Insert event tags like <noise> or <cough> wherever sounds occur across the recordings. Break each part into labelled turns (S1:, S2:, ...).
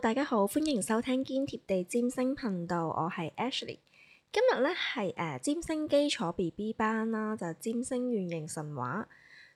S1: 大家好，歡迎收聽堅貼地占星頻道，我係 Ashley。今日咧係誒占星基礎 BB 班啦，就占、是、星圓形神話。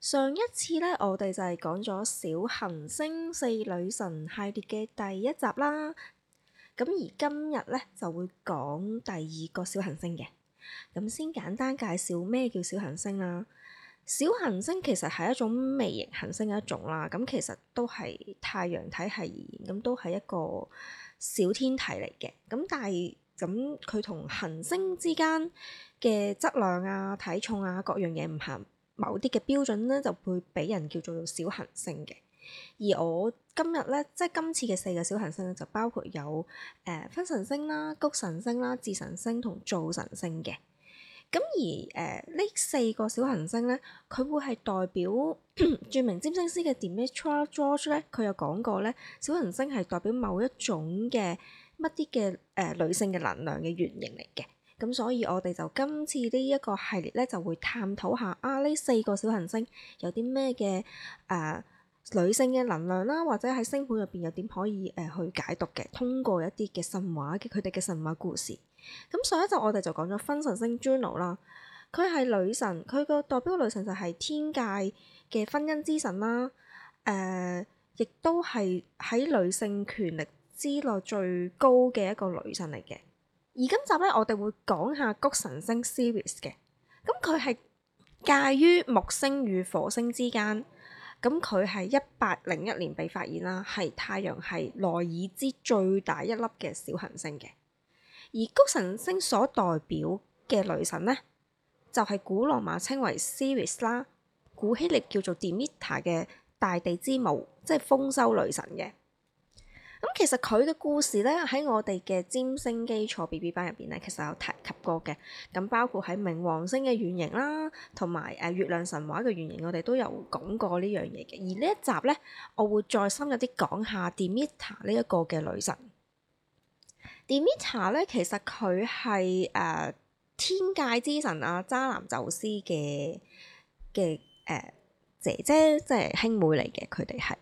S1: 上一次咧，我哋就係講咗小行星四女神系列嘅第一集啦。咁而今日咧就會講第二個小行星嘅。咁先簡單介紹咩叫小行星啦。小行星其實係一種微型行星嘅一種啦，咁其實都係太陽體系而言，咁都係一個小天體嚟嘅。咁但係咁佢同行星之間嘅質量啊、體重啊各樣嘢唔合某啲嘅標準咧，就會俾人叫做小行星嘅。而我今日咧，即係今次嘅四個小行星咧，就包括有誒、呃、分神星啦、穀神星啦、智神星同灶神星嘅。咁而誒呢、呃、四個小行星咧，佢會係代表 <coughs> 著名占星師嘅 Demetra George 咧，佢有講過咧，小行星係代表某一種嘅乜啲嘅誒女性嘅能量嘅原型嚟嘅。咁所以我哋就今次呢一個系列咧，就會探討下啊呢四個小行星有啲咩嘅誒。呃女性嘅能量啦，或者喺星盤入邊又點可以誒、呃、去解讀嘅？通過一啲嘅神話嘅佢哋嘅神話故事。咁上一集我哋就講咗婚神星 Juno 啦，佢係女神，佢個代表女神就係天界嘅婚姻之神啦。誒、呃，亦都係喺女性權力之內最高嘅一個女神嚟嘅。而今集咧，我哋會講下穀神星 Ceres 嘅。咁佢係介於木星與火星之間。咁佢係一八零一年被發現啦，係太陽系內已知最大一粒嘅小行星嘅，而穀神星所代表嘅女神呢，就係、是、古羅馬稱為 Ceres 啦，古希臘叫做 Demeter 嘅大地之母，即係豐收女神嘅。咁其實佢嘅故事咧，喺我哋嘅占星基礎 BB 班入邊咧，其實有提及過嘅。咁包括喺冥王星嘅原型啦，同埋誒月亮神話嘅原型，我哋都有講過呢樣嘢嘅。而呢一集咧，我會再深入啲講下 Demetra 呢一個嘅女神。 <music> Demetra 咧，其實佢係誒天界之神啊，渣男宙斯嘅嘅誒姐姐，即係兄妹嚟嘅，佢哋係。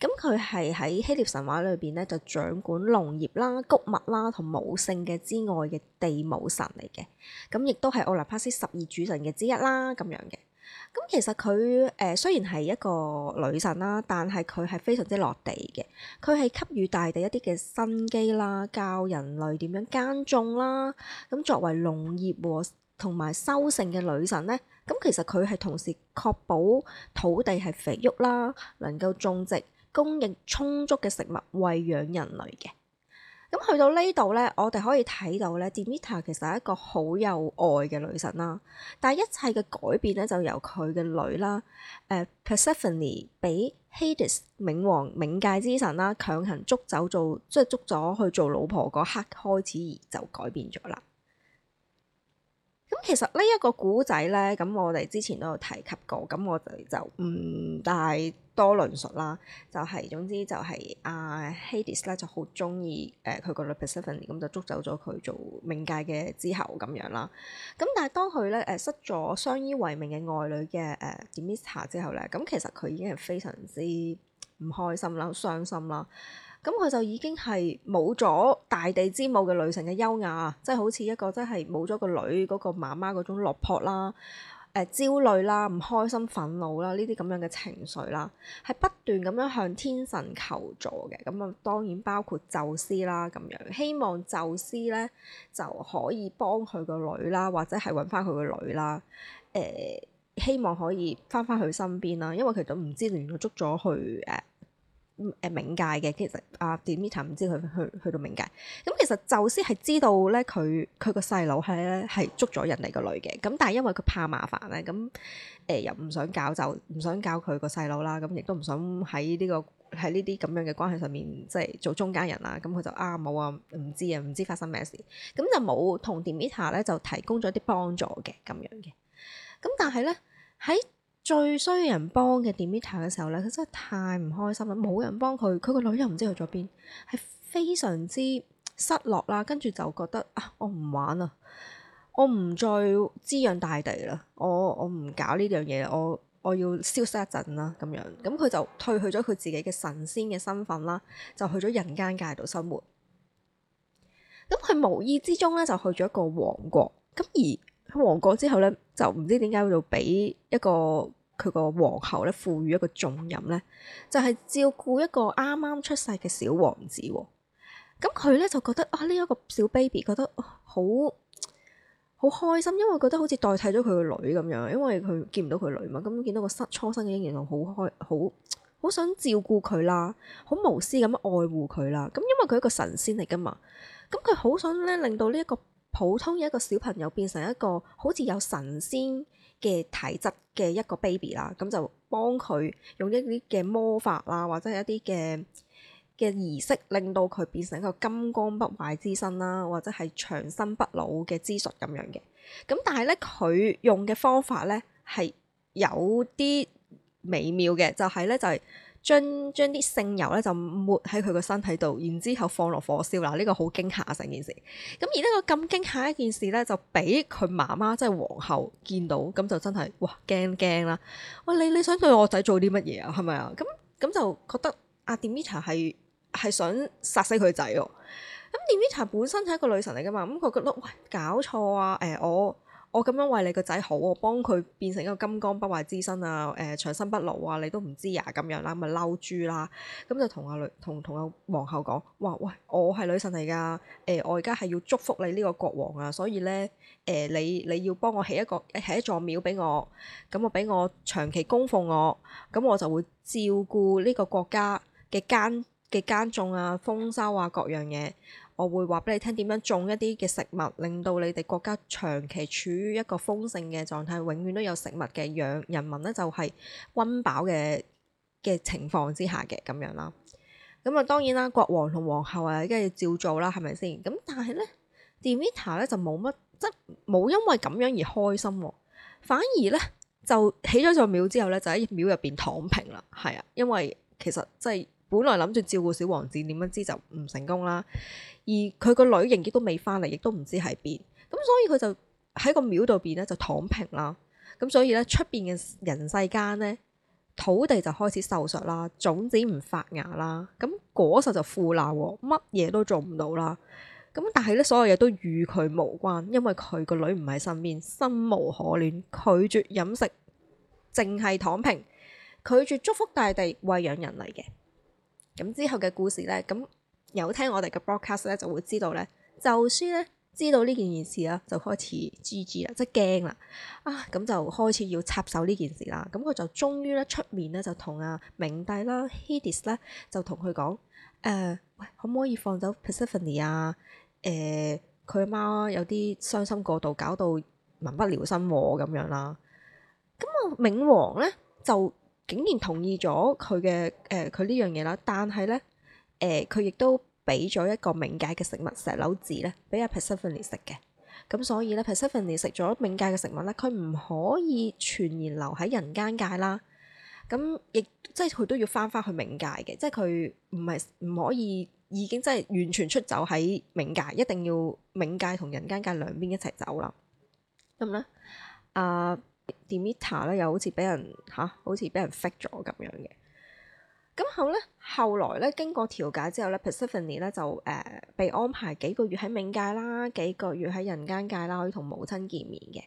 S1: 咁佢係喺希臘神話裏邊咧，就掌管農業啦、穀物啦同母性嘅之外嘅地母神嚟嘅。咁亦都係奧林帕斯十二主神嘅之一啦，咁樣嘅。咁其實佢誒、呃、雖然係一個女神啦，但係佢係非常之落地嘅。佢係給予大地一啲嘅生機啦，教人類點樣耕種啦。咁作為農業和同埋收成嘅女神咧，咁其實佢係同時確保土地係肥沃啦，能夠種植。供應充足嘅食物餵養人類嘅，咁去到呢度咧，我哋可以睇到咧，Demetra 其實係一個好有愛嘅女神啦，但係一切嘅改變咧，就由佢嘅女啦，誒，Persephone 俾 Hades 冥王冥界之神啦，強行捉走做，即係捉咗去做老婆嗰刻開始而就改變咗啦。咁其實呢一個古仔咧，咁我哋之前都有提及過，咁我哋就唔大多論述啦。就係、是、總之就係、是、阿、啊、Hades 咧，就好中意誒佢個女 Persephone，咁、嗯、就捉走咗佢做冥界嘅之後咁樣啦。咁、嗯、但係當佢咧誒失咗相依為命嘅愛女嘅誒、呃、Demeter 之後咧，咁、嗯、其實佢已經係非常之唔開心啦、傷心啦。嗯咁佢就已經係冇咗大地之母嘅女神嘅優雅，即係好似一個真係冇咗個女嗰個媽媽嗰種落魄啦、誒、呃、焦慮啦、唔開心、憤怒啦呢啲咁樣嘅情緒啦，係不斷咁樣向天神求助嘅。咁啊，當然包括宙斯啦，咁樣希望宙斯咧就可以幫佢個女啦，或者係揾翻佢個女啦，誒、呃、希望可以翻翻佢身邊啦，因為佢都唔知連佢捉咗去誒。呃誒冥界嘅，其實阿 Demetra 唔知佢去去到冥界。咁其實宙斯係知道咧，佢佢個細佬係咧係捉咗人哋個女嘅。咁但係因為佢怕麻煩咧，咁誒、呃、又唔想搞就，就唔想搞佢、這個細佬啦。咁亦都唔想喺呢個喺呢啲咁樣嘅關係上面，即、就、係、係、做中間人啦。咁佢就啊冇啊，唔知啊，唔知，知發生咩事。咁就冇同 Demetra 咧就提供咗啲幫助嘅咁樣嘅。咁但係咧喺最需要人幫嘅 Demetra 嘅時候咧，佢真係太唔開心啦！冇人幫佢，佢個女又唔知去咗邊，係非常之失落啦。跟住就覺得啊，我唔玩啦，我唔再滋潤大地啦，我我唔搞呢樣嘢，我我，我要消失一陣啦咁樣。咁佢就退去咗佢自己嘅神仙嘅身份啦，就去咗人間界度生活。咁佢無意之中咧，就去咗一個王國。咁而，喺王國之後咧，就唔知點解會俾一個佢個皇后咧賦予一個重任咧，就係、是、照顧一個啱啱出世嘅小王子喎。咁佢咧就覺得啊，呢、這、一個小 baby 覺得好好開心，因為覺得好似代替咗佢個女咁樣，因為佢見唔到佢女嘛。咁、嗯、見到個新初生嘅嬰兒，就好開，好好想照顧佢啦，好無私咁愛護佢啦。咁、嗯、因為佢係一個神仙嚟噶嘛，咁佢好想咧令到呢、這、一個。普通一個小朋友變成一個好似有神仙嘅體質嘅一個 baby 啦，咁就幫佢用一啲嘅魔法啦，或者係一啲嘅嘅儀式，令到佢變成一個金剛不壞之身啦，或者係長生不老嘅之術咁樣嘅。咁但係咧，佢用嘅方法咧係有啲微妙嘅，就係咧就係。將將啲聖油咧就抹喺佢個身體度，然之後放落火燒啦！呢、這個好驚嚇啊，成件事。咁而呢個咁驚嚇一件事咧，就俾佢媽媽即係皇后見到，咁就真係哇驚驚啦！喂，你你想對我仔做啲乜嘢啊？係咪啊？咁咁就覺得阿 Demetra 係想殺死佢仔喎。咁 Demetra 本身係一個女神嚟噶嘛？咁佢覺得喂搞錯啊！誒、呃、我。我咁樣為你個仔好，我幫佢變成一個金剛不壞之身啊！誒、呃，長生不老啊！你都唔知啊，咁樣啦，咪嬲豬啦、啊！咁就同阿女，同同阿皇后講，哇喂，我係女神嚟㗎！誒、呃，我而家係要祝福你呢個國王啊！所以咧，誒、呃，你你要幫我起一個起一座廟俾我，咁我俾我長期供奉我，咁我就會照顧呢個國家嘅耕嘅耕種啊，豐收啊，各樣嘢。我會話俾你聽點樣種一啲嘅食物，令到你哋國家長期處於一個豐盛嘅狀態，永遠都有食物嘅養人民咧，就係、是、溫飽嘅嘅情況之下嘅咁樣啦。咁啊當然啦，國王同皇后啊，梗係照做啦，係咪先？咁但係咧，Demetra 咧就冇乜，即冇因為咁樣而開心喎、啊。反而咧就起咗座廟之後咧，就喺廟入邊躺平啦。係啊，因為其實即、就、係、是。本來諗住照顧小王子，點不知就唔成功啦。而佢個女仍亦都未返嚟，亦都唔知喺邊。咁所以佢就喺個廟度邊咧就躺平啦。咁所以咧，出面嘅人世間咧，土地就開始受術啦，種子唔發芽啦，咁果實就腐爛，乜嘢都做唔到啦。咁但係咧，所有嘢都與佢無關，因為佢個女唔喺身邊，心無可戀，拒絕飲食，淨係躺平，拒絕祝福大地喂養人嚟嘅。咁之後嘅故事咧，咁有聽我哋嘅 broadcast 咧，就會知道咧，宙斯咧知道呢件事啦，就開始 GG 啦，即係驚啦，啊咁就開始要插手呢件事啦，咁佢就終於咧出面咧就同阿冥帝啦，Hades 咧就同佢講，誒喂，可唔可以放走 Persephone 啊？誒佢阿媽有啲傷心過度，搞到民不聊生喎咁樣啦。咁啊冥王咧就竟然同意咗佢嘅，誒佢呢樣嘢啦，但係咧誒佢亦都俾咗一個冥界嘅食物石榴子咧，俾阿 Persephone 食嘅。咁、嗯、所以咧 Persephone 食咗冥界嘅食物咧，佢唔可以全然留喺人間界啦。咁亦即係佢都要翻返去冥界嘅，即係佢唔係唔可以已經即係完全出走喺冥界，一定要冥界同人間界兩邊一齊走啦。咁咧啊～、uh, Demetra 咧又好似俾人吓，好似俾人 fake 咗咁樣嘅。咁後咧，後來咧，經過調解之後咧，Persephone 咧就誒、呃、被安排幾個月喺冥界啦，幾個月喺人間界啦，可以同母親見面嘅。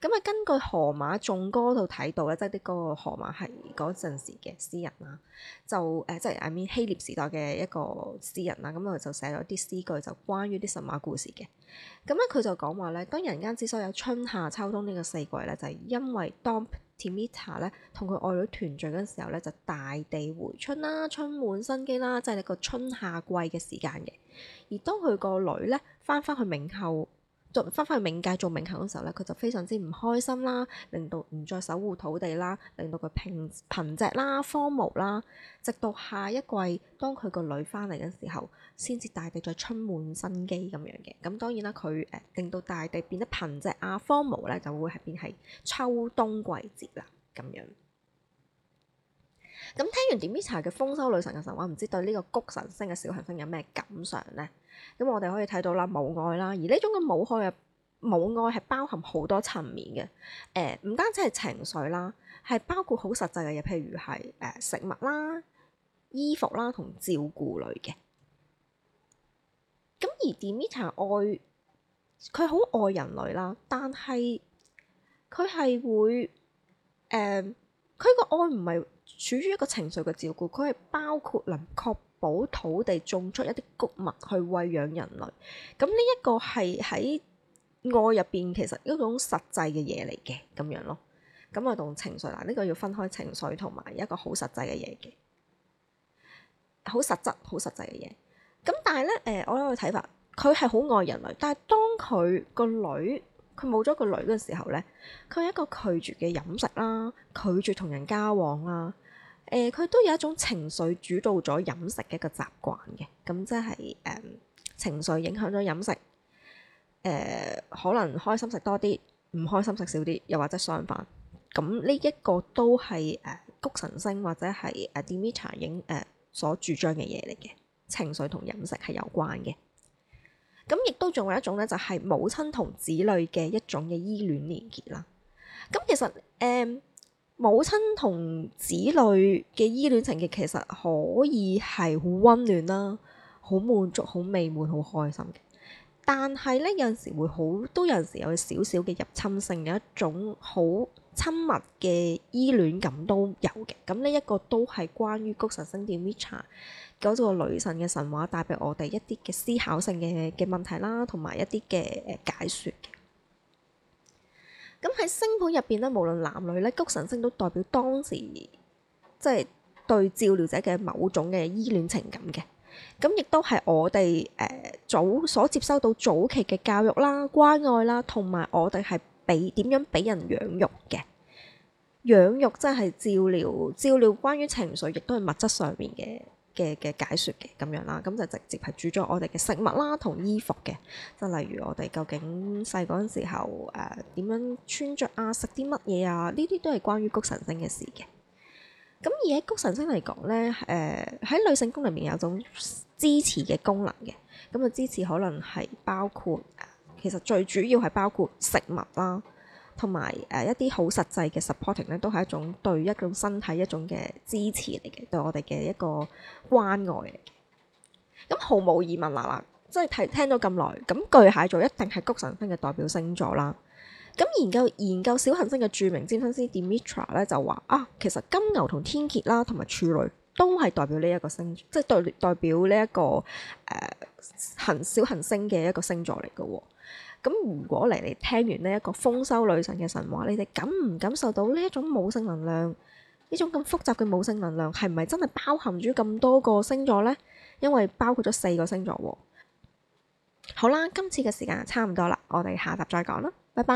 S1: 咁啊，根據荷馬頌歌度睇到咧、就是呃，即係啲嗰個荷馬係嗰陣時嘅詩人啦，就誒即係 I mean 希臘時代嘅一個詩人啦。咁佢就寫咗啲詩句，就關於啲神話故事嘅。咁咧，佢就講話咧，當人間之所有春夏秋冬呢個四季咧，就係、是、因為當提米塔咧同佢愛女團聚嗰陣時候咧，就大地回春啦，春滿生機啦，即係呢個春夏季嘅時間嘅。而當佢個女咧翻返去冥後，翻返去冥界做冥行嘅時候咧，佢就非常之唔開心啦，令到唔再守護土地啦，令到佢貧貧瘠啦、荒蕪啦，直到下一季當佢個女翻嚟嘅時候，先至大地再充滿生機咁樣嘅。咁當然啦，佢誒、呃、令到大地變得貧瘠啊、荒蕪咧，就會係變係秋冬季節啦咁樣。咁聽完 Demetra 嘅豐收女神嘅神話，唔知對呢個穀神星嘅小行星有咩感想咧？咁我哋可以睇到啦母愛啦，而呢種嘅母愛嘅母愛係包含好多層面嘅。誒、呃，唔單止係情緒啦，係包括好實際嘅嘢，譬如係誒、呃、食物啦、衣服啦同照顧類嘅。咁而 Demetra 愛佢好愛人類啦，但係佢係會誒佢個愛唔係。處於一個情緒嘅照顧，佢係包括能確保土地種出一啲穀物去餵養人類。咁呢一個係喺愛入邊其實一種實際嘅嘢嚟嘅，咁樣咯。咁啊同情緒啦，呢、呢個要分開情緒同埋一個好實際嘅嘢嘅，好實質、好實際嘅嘢。咁但係咧，誒、呃、我有個睇法，佢係好愛人類，但係當佢個女佢冇咗個女嘅時候咧，佢係一個拒絕嘅飲食啦，拒絕同人交往啦。誒，佢、呃、都有一種情緒主導咗飲食嘅一個習慣嘅。咁即係誒情緒影響咗飲食，誒、呃、可能開心食多啲，唔開心食少啲，又或者相反。咁呢一個都係誒穀神星或者係誒、呃、Demetra 影誒、呃、所主張嘅嘢嚟嘅，情緒同飲食係有關嘅。咁亦都仲有一種咧，就係母親同子女嘅一種嘅依戀連結啦。咁其實誒。呃母親同子女嘅依戀情結其實可以係好溫暖啦，好滿足、好美滿、好開心嘅。但係咧，有陣時會好，都有陣時有少少嘅入侵性，有一種好親密嘅依戀感都有嘅。咁呢一個都係關於穀神星 Demetra 嗰個女神嘅神話帶俾我哋一啲嘅思考性嘅嘅問題啦，同埋一啲嘅誒解說。咁喺星盤入邊咧，無論男女咧，穀神星都代表當時即係、就是、對照料者嘅某種嘅依戀情感嘅。咁亦都係我哋誒、呃、早所接收到早期嘅教育啦、關愛啦，同埋我哋係俾點樣俾人養育嘅？養育即係照料，照料關於情緒，亦都係物質上面嘅。嘅嘅解説嘅咁樣啦，咁就直接係主咗我哋嘅食物啦，同衣服嘅，即例如我哋究竟細嗰陣時候誒點、呃、樣穿着啊，食啲乜嘢啊，呢啲都係關於谷神星嘅事嘅。咁而喺谷神星嚟講呢，誒、呃、喺女性宮裏面有種支持嘅功能嘅，咁就支持可能係包括，其實最主要係包括食物啦。同埋誒一啲好實際嘅 supporting 咧，都係一種對一種身體一種嘅支持嚟嘅，對我哋嘅一個關愛。咁毫無疑問啦，啦，即係聽聽咗咁耐，咁巨蟹座一定係谷神星嘅代表星座啦。咁研究研究小行星嘅著名占星師 Demetra 咧就話啊，其實金牛同天蠍啦，同埋處女都係代表呢一個星，即係代代表呢、這、一個誒恆、呃、小行星嘅一個星座嚟嘅喎。咁如果嚟嚟聽完呢一個豐收女神嘅神話，你哋感唔感受到呢一種母性能量？呢種咁複雜嘅母性能量係唔係真係包含住咁多個星座呢？因為包括咗四個星座喎。好啦，今次嘅時間差唔多啦，我哋下集再講啦，拜拜。